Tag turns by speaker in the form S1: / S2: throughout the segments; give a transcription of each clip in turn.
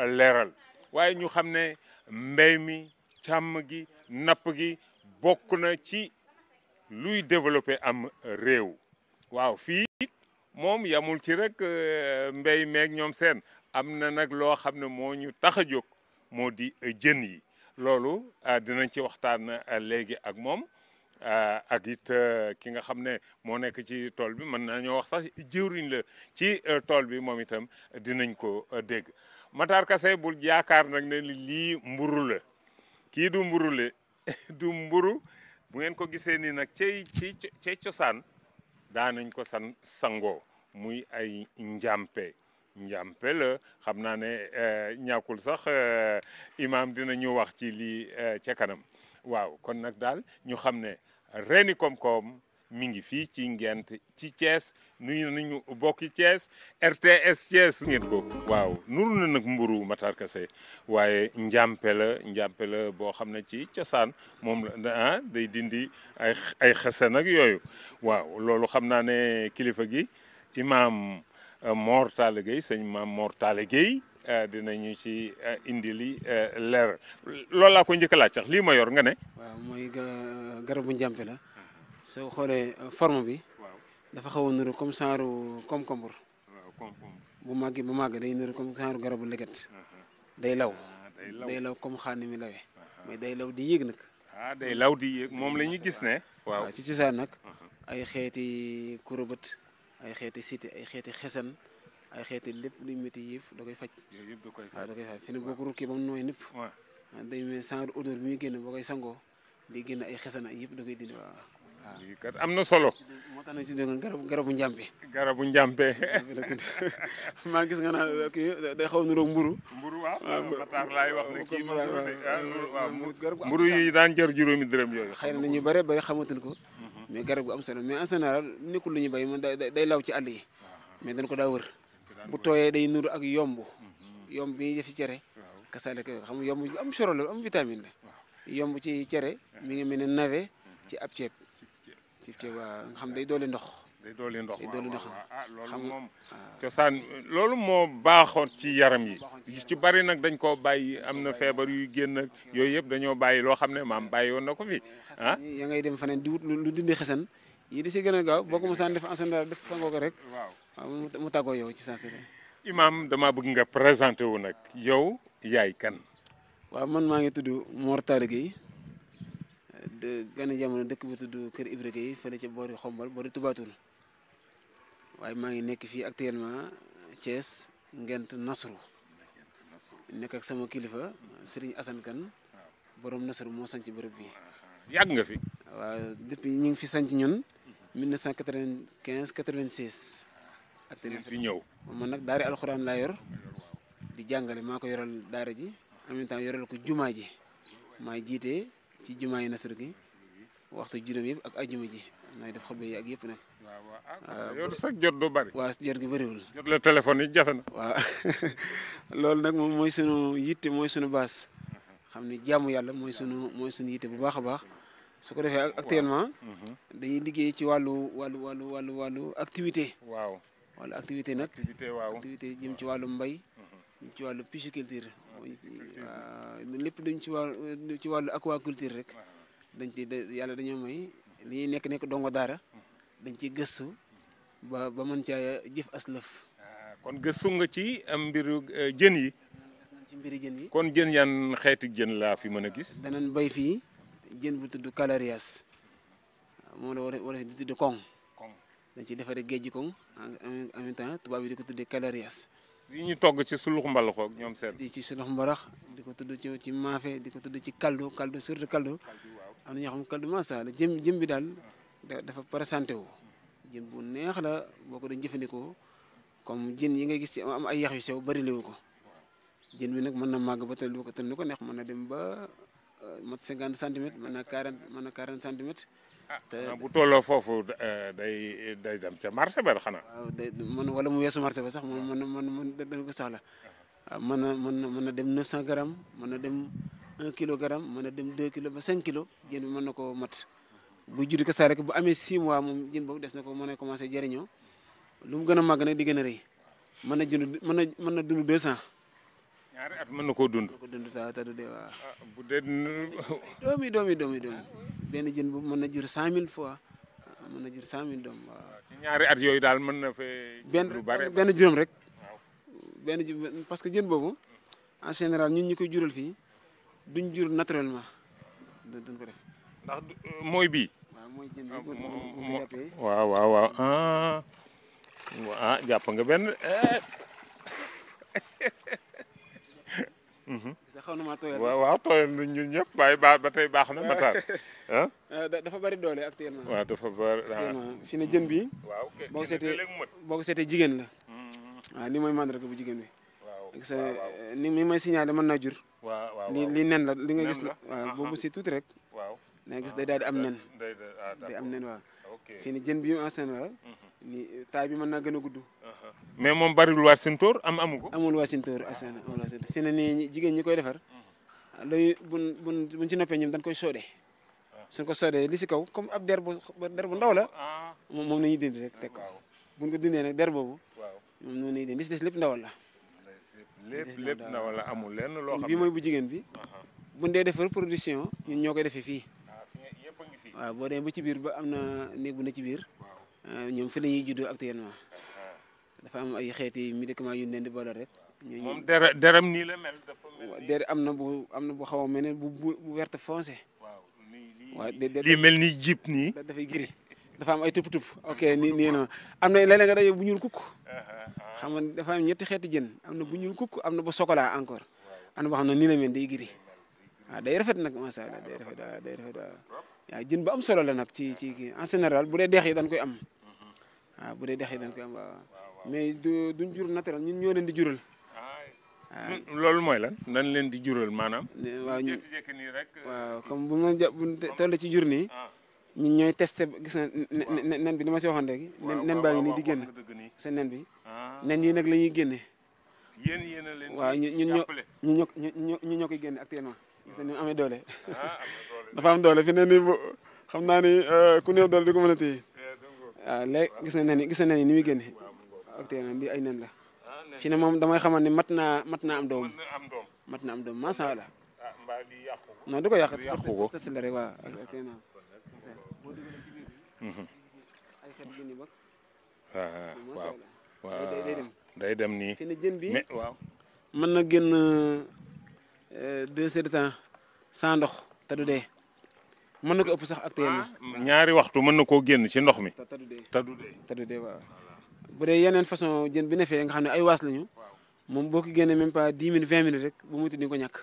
S1: leeral waaye ñu xam ne mbéy mi càmm gi napp gi bokk na ci luy développer am réew waaw fii moom yamul ci rek euh, mbéy meeg ñoom seen am na nag loo xam ne moo ñu tax a jóg moo di jën yi loolu euh, dinañ ci waxtaan euh, léegi ak moom ak it ki nga xam ne moo nekk ci tool bi mën nañoo wax sax jiwriñ la ci tool bi moom itam dinañ ko dégg Matar Kassé bul yaakaar nag ne lii mburu la kii du mburu la du mburu bu ngeen ko gisee nii nag cey ci cey cosaan daanañ ko san sangoo muy ay njàmpe njàmpe la xam naa ne eh, ñàkkul sax eh, imam dina ñu wax ci lii eh, ca kanam waaw kon nag daal ñu xam ne reeni koom-koom mi ngi fii ci ngent ci Thiès nuyu nañu bokki Thiès RTS Thiès ngeen ko waaw nuru na mburu Matar waaye njàmpe la njàmpe la boo xam ne ci cosaan moom ah, day dindi ay ay nag yooyu waaw loolu xam naa ne kilifa gi imaam euh, Mor Talla Gueye sëñ maam Mor Talla Gueye euh, dinañu ci euh, indi li leer loolu laa ko njëkk a laaj sax lii ma yor nga ne. waaw mooy garabu njàmpe la. soo xoolee euh, forme bi. dafa xaw a nuru
S2: comme genre concombre.
S1: waaw concombre.
S2: bu màgg bu màgg day nuru comme genre garabu lëgët. Uh-huh.
S1: Ah,
S2: day law day law comme xaani mi lawee. Uh-huh. mais day law di yéeg nag. ah day law di yéeg moom la ñuy gis ne. waaw ci cosaan nag. Uh-huh. ay xeeti kurobët ay xeeti cité ay xeeti xesan ay xeeti lépp luy métti yëpp da koy faj. yooyu yëpp da koy faj waaw ah, da koy faj fi ne boo ko rukkee ba nooy nëpp. Ah, day mel genre odeur bi muy génn boo koy sangoo di génn ay xesan ak yëpp da koy dindi waaw.
S1: lii kat am na solo.
S2: moo tax nañ si dégg garabu garabu njàmpe.
S1: garabu njàmpe. maa gis nga naan kii day xaw a niróo mburu. mburu waaw Matar laay wax ne kii ah, waaw mburu yi daan jar juróomi dërëm
S2: yooyu. xëy na ñu bare bare xamatuñ ko. Mhm. mais garab gu am solo mais en général lu ñu béy moom day law ci àll yi. mais dañ ko daa wër. tooyee day nuru ak yomb. Mhm. yomb cere. kasaale ko xam yomb am solo la am vitamine la. yomb ci cere mi ngi
S1: mel ne navet mhm. ci ab ceeb. ci ceeb waaw xam day doole ndox. day doole ndox ah, xam loolu moom ah. cosaan loolu moo baaxoon ci yaram yi ci bari nag dañ koo bàyyi am na feebar yu génn ak yooyu yëpp dañoo bàyyi loo xam ne maam bàyyi woon na ko fi eh, ah ya ngay dem faneen di wut lu dindi xasan yi di si gën a gaaw boo ko saan def ansandar def sangoo ko rek waaw mu taggoo yow ci saasi imaam damaa bëgg nga présenté wu nag yow yaay kan waa man maa ngi tudd Mor Talla
S2: gane jamono dëkk bu tudd kër Ibra Gueye fële ca boori xombal boori tubaatul waaye maa ngi nekk fii actuellement ngent Nasru nekk ak sama kilifa Serigne Assane Kane borom Nasru moo sanc bërëb bi. yàgg nga fi. waaw depuis ñu ngi fi sanc ñun 1995 96. ak dinañ fi ñëw. man nag daari alxuraan laa yor di jàngale maa yoral daara ji en même temps yoral ko jumaa ji ci jumaa yi nasru gi waxtu juróom yëpp ak ajuma ji nooy def xutba yi ak yëpp nag.
S1: waaw waaw ah, ah, yow sax jot du bari. waaw jot gi bariwul jot la téléphone yi jafe na. waaw nag moom
S2: mooy sunu yitte mooy sunu baas xam ne jàmm yàlla mooy sunu mooy sunu yitte bu baax a baax. su ko defee actuellement. Mhm. dañuy liggéey ci wàllu wàllu wàllu wàllu wàllu activité. waaw wàllu activité nag. activité waaw activité jëm ci wàllu mbay. Mhm. jëm ci wàllu pisciculture lépp luñ ci wàllu ci wàllu aquaculture rek dañ ci yàlla dañoo may li ñuy nekk nekk dongo daara dañ ciy gëstu ba ba mën caa jëf aslëf
S1: ah, kon gëstu nga ci mbiru eh, jën jën yi kon jën yan xeeti jën laa fi mën a gis danañ bay fii jën bu
S2: tudd calarias moom la war war di tudd kong dañ ci defaree géej kong en même temps tubaab yi di ko tuddee calarias
S1: yi ñu togg ci sulux mbalaxoog
S2: ñoom seen di ci sulux mbalax di ko tudd ci ci maafe di ko tudd ci kaldu kaldu surtout kaldu am na ñoo xam ne kaldu macha allah jëm jëm bi daal dafa présenté wo jën bu neex la boo ko dañ jëfandikoo comme jën yi nga gis ci am ay yax yu sew bari liwu ko jën bi nag mën na màgg ba tollu ko tollu ko neex mën na dem ba euh, mat cinquante centimètres mën na quarante mën
S1: na quarante Ah. ah bu tolloo foofu eh, day day dem sa marché ba xanaa. waaw day man wala
S2: mu wees marché ba sax man man man man dañ ko soxla waaw
S1: ah. ah, mën na mën
S2: na mën na dem 900 grammes mën na dem 1 kilogramme mën na dem 2 kilo ba cinq kilos jën bi mën na koo mat. bu juddi ko saa rek bu amee 6 mois moom jën boobu des na ko mën a commencé jëriñoo lu mu gën a màgg nag di gën a rey mën na jënd mën na mën na dund 200. ñaari at mën na koo dund. mën na ko dund te du dee waaw. Ah, bu dee. doomi doomi doomi doomi benn jën bu mën na jur cent mille fois ah, mën na jur cent mille doom waaw. Ah, ci
S1: ñaari at yooyu daal mën na fee. lu bare benn benn juróom rek.
S2: benn parce que jën boobu en général ñun ñi koy jural fi duñ jur naturellement duñ ko def. Euh, mooy bi
S1: waaw waaw waaw ah jàpp nga benn. Eh. Mhm. gis nga xaw na maa tooyal waaw waaw tooyal ñun ñun ba ba tey baax na Matar ah.
S2: dafa bari doole actuellement. waaw dafa
S1: bari ah. actuellement fi
S2: ne jën bi. waaw boo ko seetee boo ko seetee jigéen la. Mhm. waaw ni mooy mandarga bu jigéen bi. waaw ni euh, ni may signalé mën naa jur.
S3: waaw waaw li li nen la li nga gis la waaw boobu si
S2: tuuti rek. da gis ah, day daal di am nen day ah, am nen waaw fii ni jën bi mu enseigné waaw ni taay bi mën naa gën a gudd uh-huh. mais moom bariwul waa sintóor am amu ko amul waa sintóor enseigné amul nii jigéen ñi koy defar mhm. lay bun bun buñ ci noppee ñoom dañ koy soodee ah. suñ ko soodee li si kaw comme ab der bu der bu ndaw la moom moom nañuy dindi rek teg ko buñ ko dindee nag boobu moom noonu nañuy dindi li si des lépp ndawal la
S3: lépp lépp la loo xam ne bii mooy bu jigéen
S2: bi uh-huh. buñ dee defar production ñun ñoo koy defee fii waaw boo demee ba ci biir ba am na néeg na ci biir ñoom fi la ñuy juddoo actuellement dafa am ay xeeti médicaments yu ñu leen di boole rek. nii mel. dafa am na bu am na bu xaw a mel ne bu bu verte foncé. waaw lii mel ni jib nii. dafay giri dafa am ay tupp tupp ok nii nii noonu am na leneen nga daje bu ñuul kukk. Uh-huh, uh-huh. xam nga dafa am ñetti xeeti jën am na bu ñuul kukk am na bu chocolat encore am na boo xam ne nii day giri day rafet nag macha day rafet waaw Ya jin bu am solo la nak ci ci en général bu dé dex yi dañ koy am mhm. Ah bu dé dex yi dañ koy am waaw mais du duñ jur naturel ñun ñoo leen di jural. Ah, loolu
S1: moy lan dañ leen di jural manam
S2: waaw ñu jékki nii rek. Euh, waaw comme bu ma bu tollé ci jurni nii. Ah. ñun ñooy testé gis na nen bi dama ci waxon waxoon nen ngi di génn sa nen bi. Ah. nen yi ñu ñu ñu ñu ñu ñu ñu ñu ñu ñu ñu ñu ñu ñu ñu ñu ñu actuellement. gis nañu amee ah, doole dafa am doole fi ne nii bu xam naa ni euh, ku néew doole du ko mën a téye waaw ah, léegi gis nañ ne gis nañ ne ni muy ak tey nag ay nen la ah, fi ne moom damay xamal ni mat naa mat naa am doom mat naa am doom macha allah non du ko yàq test la rek waaw ak tey nag mhm. ay xet yu
S1: day dem nii fi ne jën bi waaw na génn
S2: Euh, de heures de temps sans ndox te du dee mën na ko ëpp sax actuellement.
S1: Ah, ñaari waxtu mën na koo génn ci ndox mi. te du dee te du dee waaw.
S2: bu dee yeneen façon jën bi ne fee nga xam ne ay waas lañu moom boo ko génnee même pas dix minutes vingt minutes rek bu mu tudd di ko ñàkk.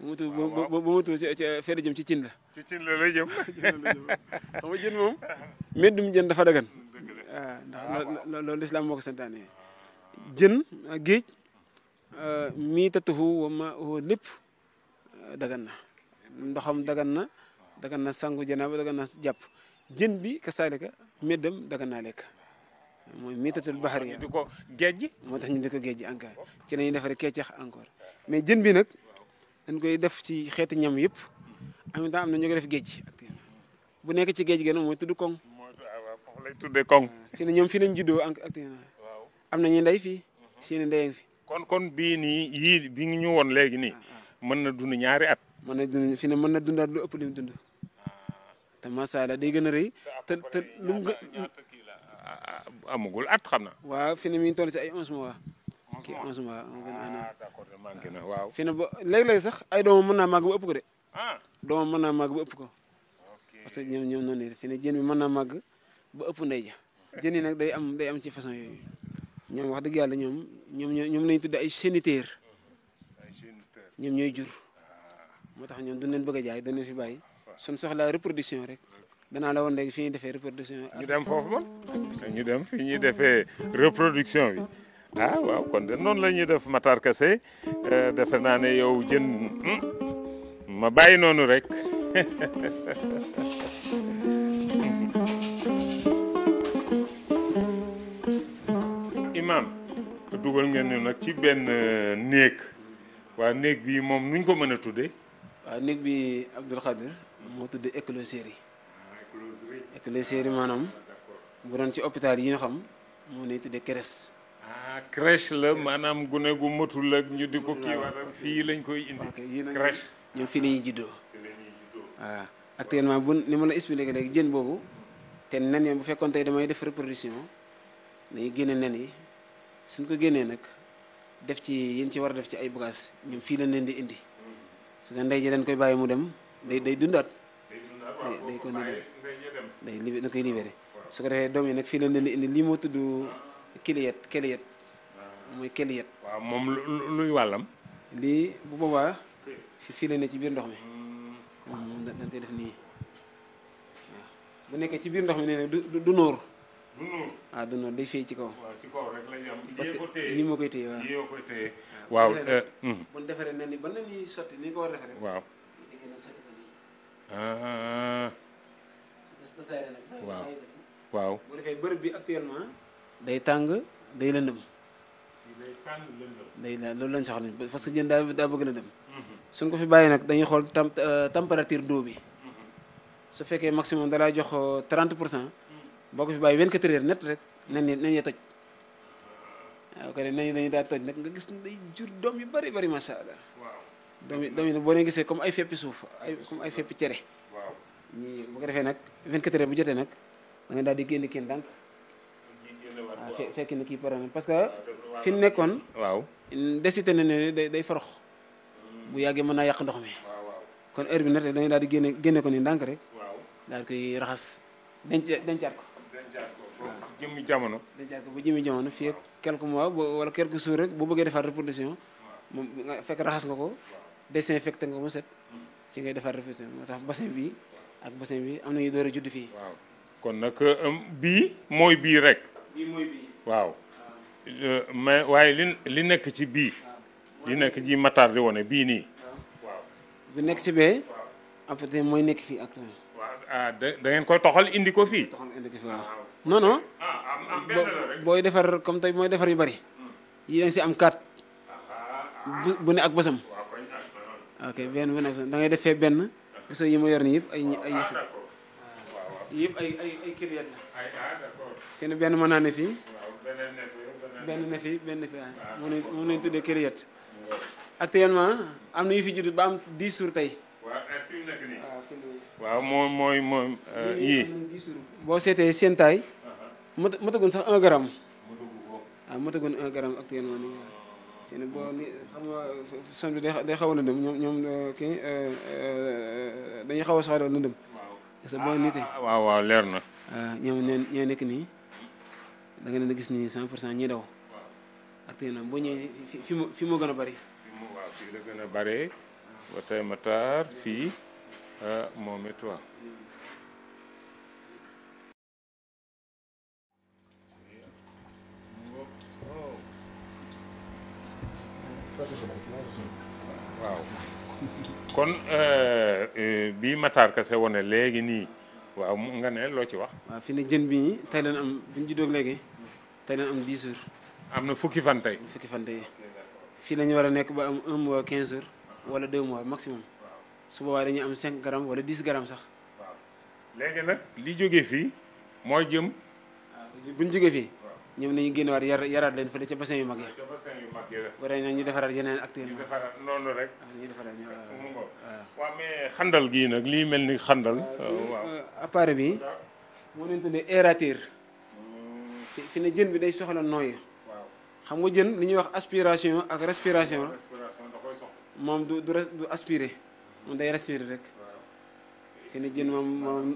S2: waaw waaw bu mu tudd ci fee jëm ci cin la. ci cin la lay jëm. xam nga jën moom. mbëndum jën dafa dagan. Ah, ah, waaw ndax loolu lislaam moo ko santaane jën ak géej. miitatuhu wa maa'uhu lépp euh, dagan na ndoxam dagan na dagan na sangu janaaba dagan na jàpp jën bi kasaalika méddam dagan naa lekk mooy miitatul baxar yi. di ko géej moo tax ñu di ko géej gi ci la ñuy defaree kecax encore mais jën bi nag dañ koy def ci xeeti ñam yëpp en même am na ñu ko def géej gi bu nekk ci géej gi mooy tudd koŋ.
S1: Ah, foofu lay tuddee fii ne ñoom fii na ñuy ndey fi. kon kon bii nii yii bi ngi ñu woon léegi nii. Ah, ah. mën na dund ñaari at. mën na dund fi mën na dundaat lu ëpp li mu dund. Ah. te macha allah day gën a rëy.
S2: te te lu mu
S1: amagul at xam na.
S2: waaw fi ne mi toll si ay 11 mois. kii 11 mois am gën a an.
S1: d'accord manqué
S2: na waaw. fi ne ba léeg sax ay doomam mën naa màgg ba ëpp ko de. doomam mën na màgg ba ëpp ko. parce que ñoom ñoom noonu fi ne jën bi mën naa màgg ba ëpp ndey ja. jën yi nag day am day am ci façon yooyu. ñoom wax dëgg yàlla ñoom ñoom ñoom lañu tudd ay géniteurs ñoom ñooy jur moo tax ñoom duñ leen bëgg a jaay duñ leen fi suñ soxlaa
S1: reproduction rek danaa la woon léegi fi ñuy defee reproduction bi. ñu dem foofu man ñu dem fi ñuy defee reproduction bi ah waaw kon de noonu la ñuy def Matar Kassé euh, defe naa ne yow jën hmm, ma bàyyi noonu rek. imaam te dugal ngeen ñu nag ci benn euh, néeg waa néeg bi moom nuñ ko mën a tuddee. waaw néeg bi Abdoul Khadir moo tuddee
S2: écloserie écloserie maanaam bu doon ci hôpital yi nga xam
S1: moo lay tuddee crèche. ah crèche la maanaam gune gu matul ak ñu di ko kii fii lañ koy indi. crèche ñoom fii la ñuy juddoo. actuellement
S2: bu ni ma la expliqué léegi jën boobu te nen yi bu fekkoon tey damay def reproduction dañuy génne nen yi. suñ ko génnee nag def ci yéen ci war a def ci ay bagages ñoom fii lañ leen di indi su ko ndey ji leen koy bàyyi mu dem day day dundaat. day day ko nii koy libéré su yi nag fii lañ leen di indi lii moo tudd kiliyet kiliyet ah. mooy kiliyet. waaw moom luy wàllam. lii bu boobaa fii la ne ci biir ndox mi hmm. moom dañ koy def nii waaw bu nekkee ci biir ndox mi nee du du du nuur ah day fay ci kaw. waaw que yii ma koy téye waaw ah. euh, yii ma ba nen yi ko war a defaree. waaw. Ah. bi actuellement. day tàng day lëndëm. day tàng day la loolu lañ soxla parce que jën daa daa bëgg lëndëm. suñ ko fi bàyyi nag dañuy xool euh, température d'eau bi. su fekkee maximum dalaa jox 30 euh, pour cent. bokku ko fi bàyyi 24 heures net rek nen ni nen ya toj waaw kon nen dañu da toj nak nga gis day jur dom yu bari bari macha allah. dom dom yi doom yi nag gisee comme ay feppi souf ay comme ay feppi cere. ni bu ko defé nak 24 heures bu jotté nak da nga daldi genn génn kenn ndànk. fekk na ki parce que fi mu waaw décité na né day day farox. bu yagge mën yak ndox mi. kon heure bi nag rek dañuy daal di ko ni ndànk rek. waaw dal koy raxas denc ko. jëmmi jamono. day jàgg ba jëmmi jamono fii ak quelques mois wala quelques jours rek boo bëggee defar reproduction moom nga fekk raxas nga ko désinfecté nga mu set ci ngay defar reproduction moo tax bassin bii ak
S1: bassin bi am na ñu door a judd fii. waaw kon nag euh, bii mooy bii rek. bii mooy waaw euh, waaye li li nekk ci bii. li nekk ci matar di wane bii nii. bu nekk ci bee. après mooy nekk fii ak. ah da ngeen koy toxal indi ko fii. toxal indi ko fii waaw. Ah, non non. Ah, am
S2: defar comme defar yu bari. yi si am kaat. Ah, bu ne ak bosam. ok benn bu ne da ngay def fee benn. yi ma yor nii yëpp ay ay yëf.
S1: yëpp ay ay ay kiliyat la. kenn ne
S2: ne actuellement yu fi ba am
S1: 10 waaw moom
S2: mooy moom euh, yii. boo seetee seen taay. matagun sax un gramme. waaw matagun ah, un gramme xam nga son bi day day xaw a lëndëm ñoom ñoom euh, kii euh, dañuy xaw a soxla lëndëm. parce que boo nitee
S1: ah, waaw leer na. waaw ah,
S2: ñoo ñoo nekk nii da nga leen gis
S1: nii cent pour cent ñi daw.
S2: na boo ñëwee fi fi mu gën a bari. fi mu waaw
S1: gën a bari. Wataay Matar fii. Euh, moom it waaw kon kon euh, euh, bii Matar Kase wone léegi nii waaw nga ne loo ci wax. waaw fi ne jën bii tey leen am bi ñu léegi
S2: tey leen am 10 am na fukki fan tey. fukki fan tey fii la war a nekk ba am 1 mois 15 heures wala 2 mois maximum. su boobaa dañuy am 5 grammes wala 10 grammes sax. waaw léegi nag li jógee fii moo jëm. waaw ah, bu ñu jógee fii. ñoom nañu génn waat yar yaraat leen fële ca yu mag ah, ca
S1: bassin yu mag yi la. wala
S2: ñu defaraat yeneen actuellement. ñu
S1: defaraat noonu rek. Ah, ñu ñu waaw waaw mais xandal nag lii mel ni xandal. waaw appareil bi moo leen tuddee aérateur. Hmm. fi ne jën bi
S2: day soxla nooy. xam nga jën li ñuy wax aspiration ak respiration. respiration moom du aspire moom day respirer rek.
S1: waaw.
S2: ni jinn mom moom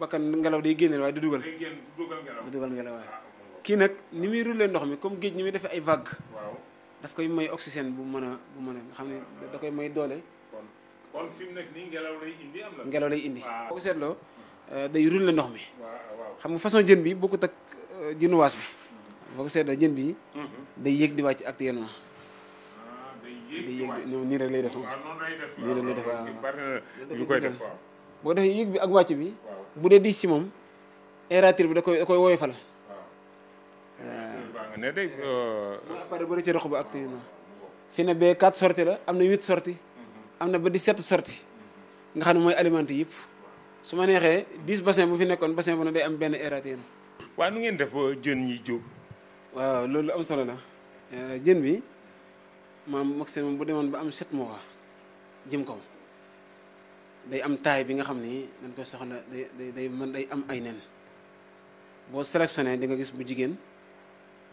S2: bakkan ngelaw day génne way du dugal.
S1: du
S2: dugal ngelaw way nah, ah. ki nak ni muy rouler ndox mi comme geej ni muy def ay vague waaw daf koy may oxygène bu meuna bu meuna nga xamni da koy may doole.
S1: kon fim fi ni ngelaw lay indi am la. ngelaw lay indi. ko
S2: setlo eh, day rouler ndox mi.
S1: waaw xam
S2: nga façon jinn bi bokut ak jinn eh, jënuwaas bi. Hmm. bokut ko da jinn bi hmm. day yegg di wacc ak yenn day yéeg nii rek lay def
S1: nii rek lay def waaw
S2: boo defee yéeg bi ak wàcc bi bu dee diis ci moom aérateur bi da koy da koy woyofal
S1: ne day. Euh, pare bëri ci rox ba actuellement.
S2: fi ne ba 4 sorties la am na 8 sorties. Mhm. am na ba 17 sorties. Mhm. nga xam ne mooy alimenté yëpp. su ma neexee 10 bassin bu fi nekkoon bassin bu ne day am benn aérateur. waa nu ngeen def jën yi jóg. waaw loolu am solo la euh, jën bi. maam maximum bu demone ba am 7 mois jëm ko day am tay bi nga xamni dañ ko soxla day day day day am ay nen bo sélectionné di nga gis bu jigen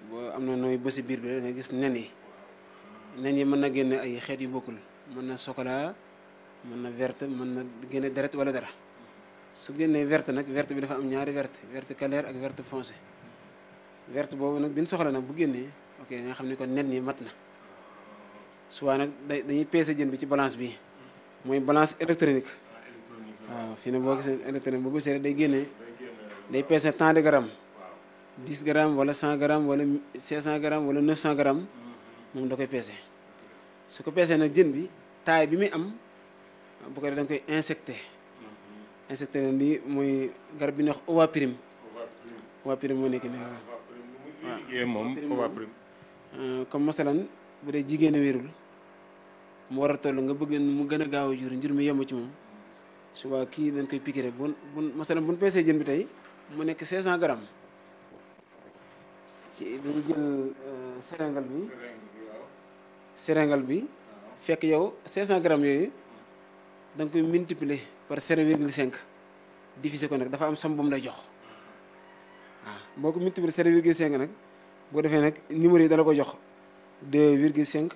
S2: bo am noy nooy bësi biir bi da nga gis nen yi nen yi na ay xeet yu bokul na chocolat na verte mën na génne deret wala dara su genné verte nak verte bi dafa am ñaari verte verte clair ak verte foncé verte bobu nak biñ soxla nak bu genné ok nga xamni ko nen yi matna souvent nag dañuy peese jën bi ci balance bi mooy balance électronique waaw fii ne boo gisee électronique boobu gisee day génne day peese tant de grammes 10 grammes wala 100 grammes wala 500 grammes wala 900 grammes moom da koy peese su ko peesee nag jën bi taay bi muy am bu ko koy insecté insecté leen lii mooy garab bi ñuy wax ovaprime ovaprime moo nekk nii waaw waaw moom ovaprime euh, comme masalan bu dee jigéen a wérul mu war toll nga bëgg mu gën a gaaw jur njur mi yomb ci moom suba kii dañ koy piqué rek bun bun masalan buñ peesee jën bi tey mu nekk 500 grammes ci dañu jël euh, séringal bi séringal bi fekk yow 500 grammes yooyu da nga koy multiplier par 0,5 diviser ko nag dafa am sam bu mu lay jox waaw boo ko multiplier 0,5 nag boo defee nag numéro yi dala ko jox 2,5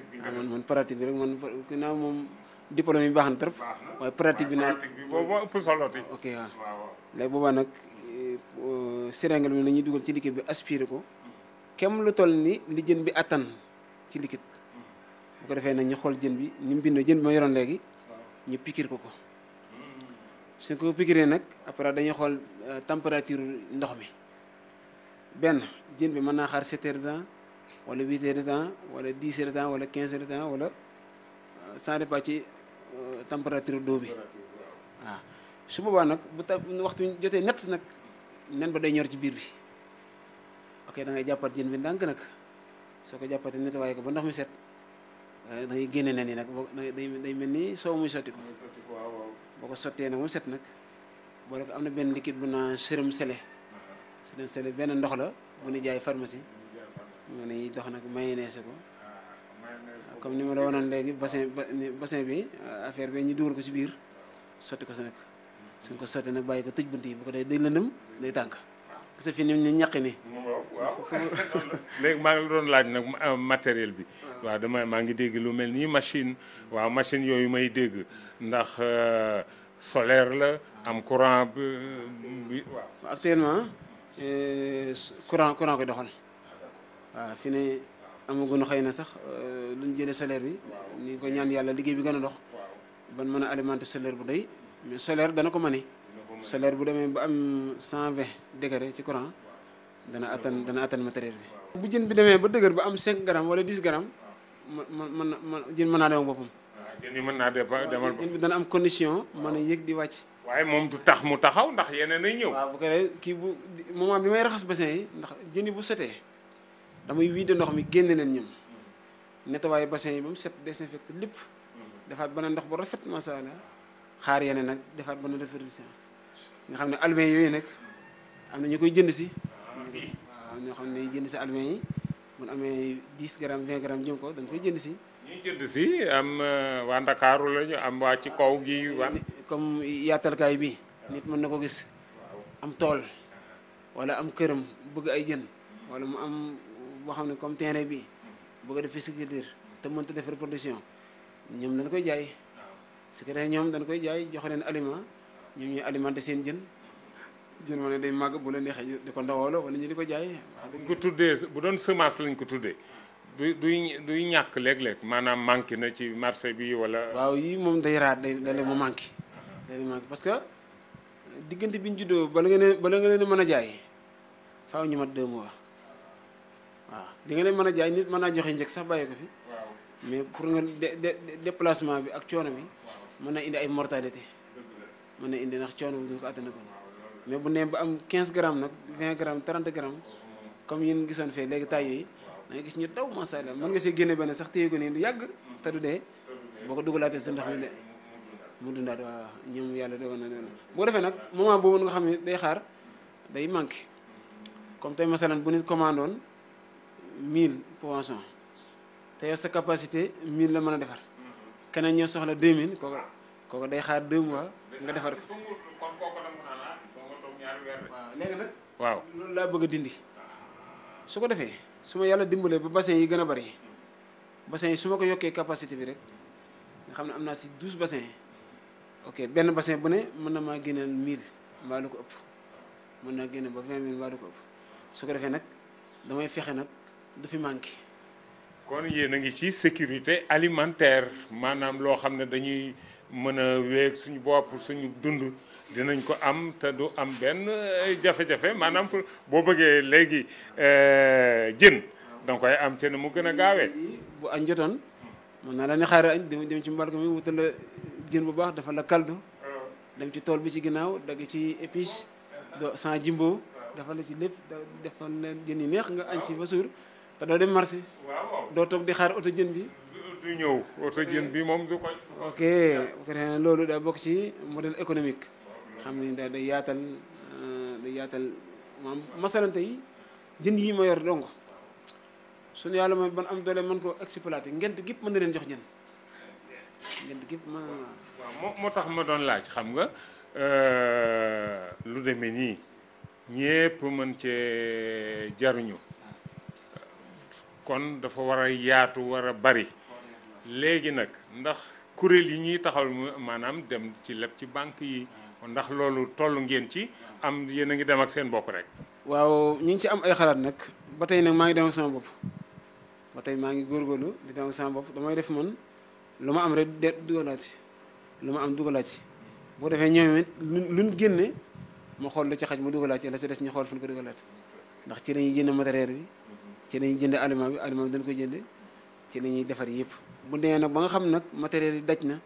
S2: pratique bi ah, man man pratique bi rek man ginnaaw moom diplôme yi baax na trop. waaye pratique bi naan
S1: waaw moo ëpp solo ok waaw
S2: léegi boobaa nag eh, euh, seringue bi nañuy dugal ci liquide bi aspiré ko. kem lu toll ni li jën bi attan ci liquide. bu ko defee nag ñu xool jën bi ñu mu jën bi ma yoroon léegi. ñu pikiir ko ko. Hmm. suñ ko pikiiree nag après dañuy xool euh, température ndox mi benn jën bi mën naa xaar sept heures wala huit heures de temps wala dix heures de temps wala quinze heures de temps wala euh, ça dépend ci euh, température d'eau bi waaw ah. su boobaa nag bu ta waxtu jotee nett nag nen ba day ñor ci biir bi ok da ngay jàppat jën bi ndànk nag soo ko jàppatee nett ko ba ndox mi set euh, da ngay génne nen yi nag boo day day mel ni soow muy sotti ko boo ko sottee nag mu set nag boo ko am na benn liquide bu naa sérum sele sérum sele benn ndox la bu ñu jaay pharmacie nga dox nag mayonnaise ko. Ah, comme ni ma la léegi bassin bi euh, affaire bi ñu dugal ko si biir sotti ko si nag suñ ko sotti nag bàyyi ko tëj bunt yi bu ko dee day lëndëm day tànk gis fi ni ñu ñaqi ni
S1: léegi maa ngi doon laaj nag euh, matériel bi waa dama maa ngi dégg lu mel nii machine waaw machine yooyu may dégg ndax euh, solaire la am courant bi waaw actuellement courant courant koy doxal
S2: waaw fi ne amaguñu xëy na sax luñ euh, jëlee solaire bi ni ngi ko ñaan yàlla liggéey bi gën a dox ban mën a alimenter solaire bu doy mais solaire dana ko man mane solaire bu demee ba am 120 degré ci courant dana attan dana attan matériel bi bu jën bi demee ba dëgër ba am 5 grammes wala 10 grammes ma man man jën mën naa demal boppam ah, jën mën naa demal jën bi dana am condition mën a yéeg di wàcc waaye moom du tax mu taxaw ndax yeneen ay ñëw waaw bu ko kii bu moment bi may raxas bassin yi ndax jën yi bu setee damay wide ndox mi génne leen ñoom nettoyé bassin yi set désinfecté lepp defaat beneen ndox bu rafet ma sha allah xaar yene nak defaat beneen référentiel nga xamne alvin yoy nak amna ñukoy jënd ci waaw ñoo xam jënd ci alvin yi mu amé 10 gram 20 gram jëm ko dañ koy jënd ci
S1: ñuy jënd ci am euh, wa Ndakaaru lañu am wa ci kaw gi wan
S2: comme kay bi nit mën nako gis am tol wala am kërëm bëgg ay jënd wala mu am boo xam ne comme terrain bi bëgg a def pisciculture te mënta def reproduction ñoom dañ koy jaay su ko defee ñoom dañ koy jaay jox leen aliment ñoom ñuy alimenté seen jën jën moo ne day màgg bu la neexee di ko ndawaloo wala ñu di jaay ah, buñ
S1: ko tuddee bu doon semence lañ ko tuddee du duy duy ñàkk léeg-léeg maanaam manqué na ci marché bi wala
S2: waaw yii moom day raar day léeg-léeg mu manqué léeg-léeg parce que diggante bi ñu juddoo bala nga leen bala nga leen mën a jaay faaw ñu mat deux mois waaw di nga leen mën a jaay nit mën naa joxe njëg sax bàyyi ko fi mais pour nga déplacement bi ak coono bi mën na indi ay mortalité mën na indi ndax coono bi duñ ko attana ko mais bu nee ba am 15 grammes nag 20 grammes 30 grammes mm-hmm. comme yéen gisoon fee léegi taay yooyu da nga gis ñu daw macha allah mën nga see génne benn sax téye ko nii lu yàgg mm-hmm. te du dee boo ko dugalaatee si ndox mi de mu dundaat waaw ñoom yàlla dogal na defee nag moment boobu nga xam ne day xaar day manqué mm-hmm. comme tey masalan bu nit mil poisson té sa capacité mil la mëna défar kena mhm. keneen ñoo soxla 2000 mille kooku day xaar 2 mois nga défar ko.
S1: waaw léegi nag.
S2: waaw loolu laa bëgg dindi ah. su ko défé suma yalla yàlla ba bassin yi gëna bari bassin yi suma ko yokkee capacité bi rek nga xamna amna ci 12 bassin ok benn bassin bu né mën na maa génneel mille lu ko ëpp mën naa ba 20000 mille lu ko ëpp su ko défé nak damay fexé
S1: nak du fi manqué. kon yéen a ngi ci sécurité alimentaire maanaam loo xam ne dañuy mën a wéeg suñu bopp suñu dund dinañ ko am te du am benn euh, jafe-jafe maanaam boo bëggee léegi euh, jën danga koy am te ne mu gën a gaawee. bu añ jotoon mën naa la ne xaaral añ
S2: dem ci mbarka mi wutal la jën bu baax dafa la kaldu dem ci tool bi ci ginnaaw dagg ci épice do sans jimbo dafa la ci lépp dafa la jën yi neex nga añ ci ba te do dem marché. do tok di xaar auto jeun bi. du ñew auto jeun bi mom du ko. ok lolu da bok ci modèle économique. xam ni da day yaatal euh, da yaatal maam masalan yi jeun yi ma yor dong suñu yalla ma ban am doole man ko exploiter ngent gépp man na leen jox jeun ngent gépp ma
S1: motax ma don laaj xam nga euh, lu demé ni ñepp mën ci jaruñu kon dafa wara yaatu wara bari legi nak ndax kuréel yi ñi taxawal manam dem ci lepp ci bank yi ndax lolu tollu ngeen ci am yéen ngi dem ak seen bop rek.
S2: waaw ñu ci am ay xalaat nak batay nak maangi ngi dem sama bop batay maangi maa di dem sama bop damay def man luma am rek de dugalaat ci am dugalaat ci boo defee ñoom it luñ génne ma xol la ci xaj mu dugalaat ci la ci dess ñu xol fu ko ndax ci lañu jëne matériel bi. ci la ñuy jënd aliment bi aliment bi dañ koy jënd ci la ñuy defar yëpp bu demee nag ba nga xam nag matériel yi daj na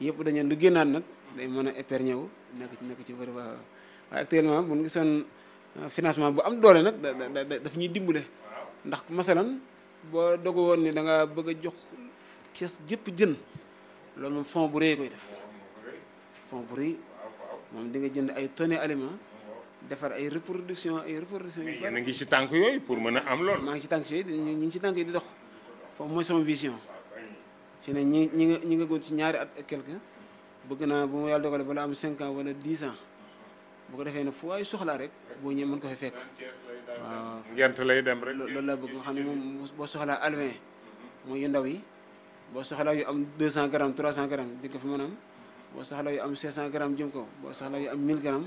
S2: yëpp dañu lu génnaat nag day mën a épargner wu nekk ci nekk ci bëri waaw waaye actuellement bu ñu gisoon financement bu am doole nag daf ñuy dimbale ndax masalan boo dogu woon ni da nga bëgg a jox kees gépp jën loolu moom fond bu rëy koy def fond bu rëy moom di nga jënd ay tonnes aliment defar ay reproduction ay reproduction yu
S1: bëri. ngi ci tànk yooyu pour mën a am loolu.
S2: maa ngi ci tànk yooyu ñu ngi ci tànk yi di dox foofu mooy sama vision fi ñi ñi nga ñi nga góor ci ñaari at ak quelque bëgg naa bu ma yàlla dogalee bala am 5 ans wala 10 ans bu ko defee ne fu waay rek boo ñëwee mën ko fa fekk. waaw
S1: ngent lay dem rek. loolu
S2: laa bëgg nga xam ne moom boo soxlaa alvin mooy yu ndaw yi boo soxlaa yu am 200 grammes 300 grammes di ko fi mën a am boo soxlaa yu am 500 grammes jëm ko boo soxlaa yu am 1000 gramme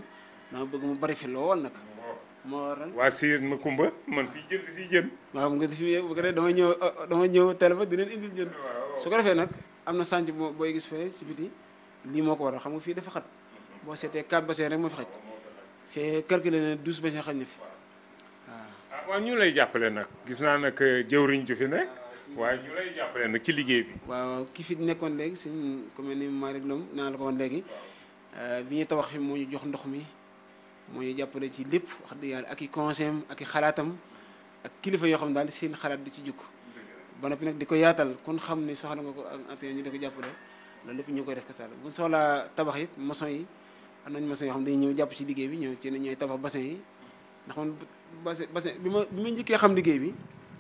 S2: dama bëgg mu bari fi lool nag. moo waral waa
S1: Sire Makumba man
S2: fii jënd si jën. waaw mu ngi si bu ko defee dama ñëw dama ñëw teel fa dinañ indil jën. su ko defee nag am na sànc boo booy gis fee si biti lii moo ko waral xam nga fii dafa xat boo seetee quatre bassin rek moo fi xaj fee calculé na douze bassin xaj na fi
S1: waaw. waaw ñu lay jàppale nag gis naa nag jëwriñ ju fi nekk. waaye ñu lay jàppale nag ci liggéey bi. waaw ki fi nekkoon
S2: léegi suñ ku mel ni Malick Lom naa la ko woon léegi bi ñuy tabax fi moo ñu jox ndox mi. mooy jàppale ci lépp wax dëgg yàlla ak i conseil ak i xalaatam ak kilifa yoo xam daal seen xalaat di ci jukk ba noppi nag di ko yaatal kon xam ni soxla nga ko ak antenne ñi di ko jàppale loolu lépp ñu koy def kasaal bu soxlaa tabax yi maçon yi am nañu maçon yoo xam dañuy ñëw jàpp ci liggéey bi ñëw ci ne ñooy tabax bassin yi ndax man bassin bassin bi ma bi ma njëkkee xam liggéey bi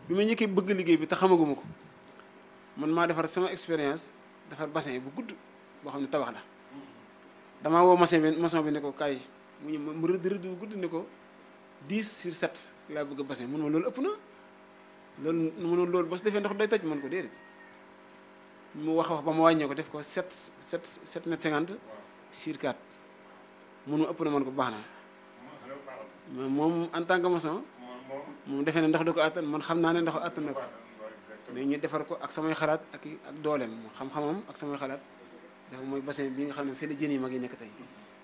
S2: bi ma njëkkee bëgg liggéey bi te xamaguma ko man maa defar sama expérience defar bassin bu gudd boo xam ne tabax la dama woo maçon bi maçon bi ne ko kay mu rëdd rëdd bu gudd ne ko 10 sur 7 la bëgg a bassin mun ma loolu ëpp na loolu mënoon loolu ba su defee ndox day toj man ko déedéet mu wax wax ba ma wàññee ko def ko 7 7 7 mètre 50 sur 4 mun ma ëpp na man ko baax na moom en tant que maçon moom defee ne ndox da ko attan man xam naa ne ndox attan na ko mais ñu defar ko ak samay xalaat ak ak dooleem xam-xamam ak samay xalaat dafa mooy bassin bi nga xam ne fii la jëni yi mag yi nekk tey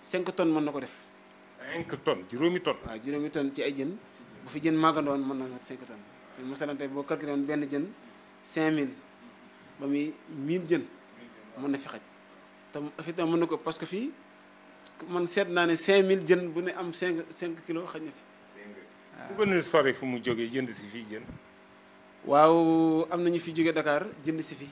S2: 5 tonnes mën na ko def cinq tonnes juróomi tonnes. waaw juróomi tonnes ci ay jën bu fi jën màggandoon mën na mat cinq tonnes kon masalan tey boo calculé woon benn jën cinq mille ba muy mille jën mën na fi xaj te fi tam mën na ko parce que fii man seet naa ne cinq mille jën bu ne am cinq cinq kilos xaj na fi. waaw bu
S1: gën a fu mu jógee jënd si fii jën. waaw am na ñu fi jóge Dakar jënd si fi.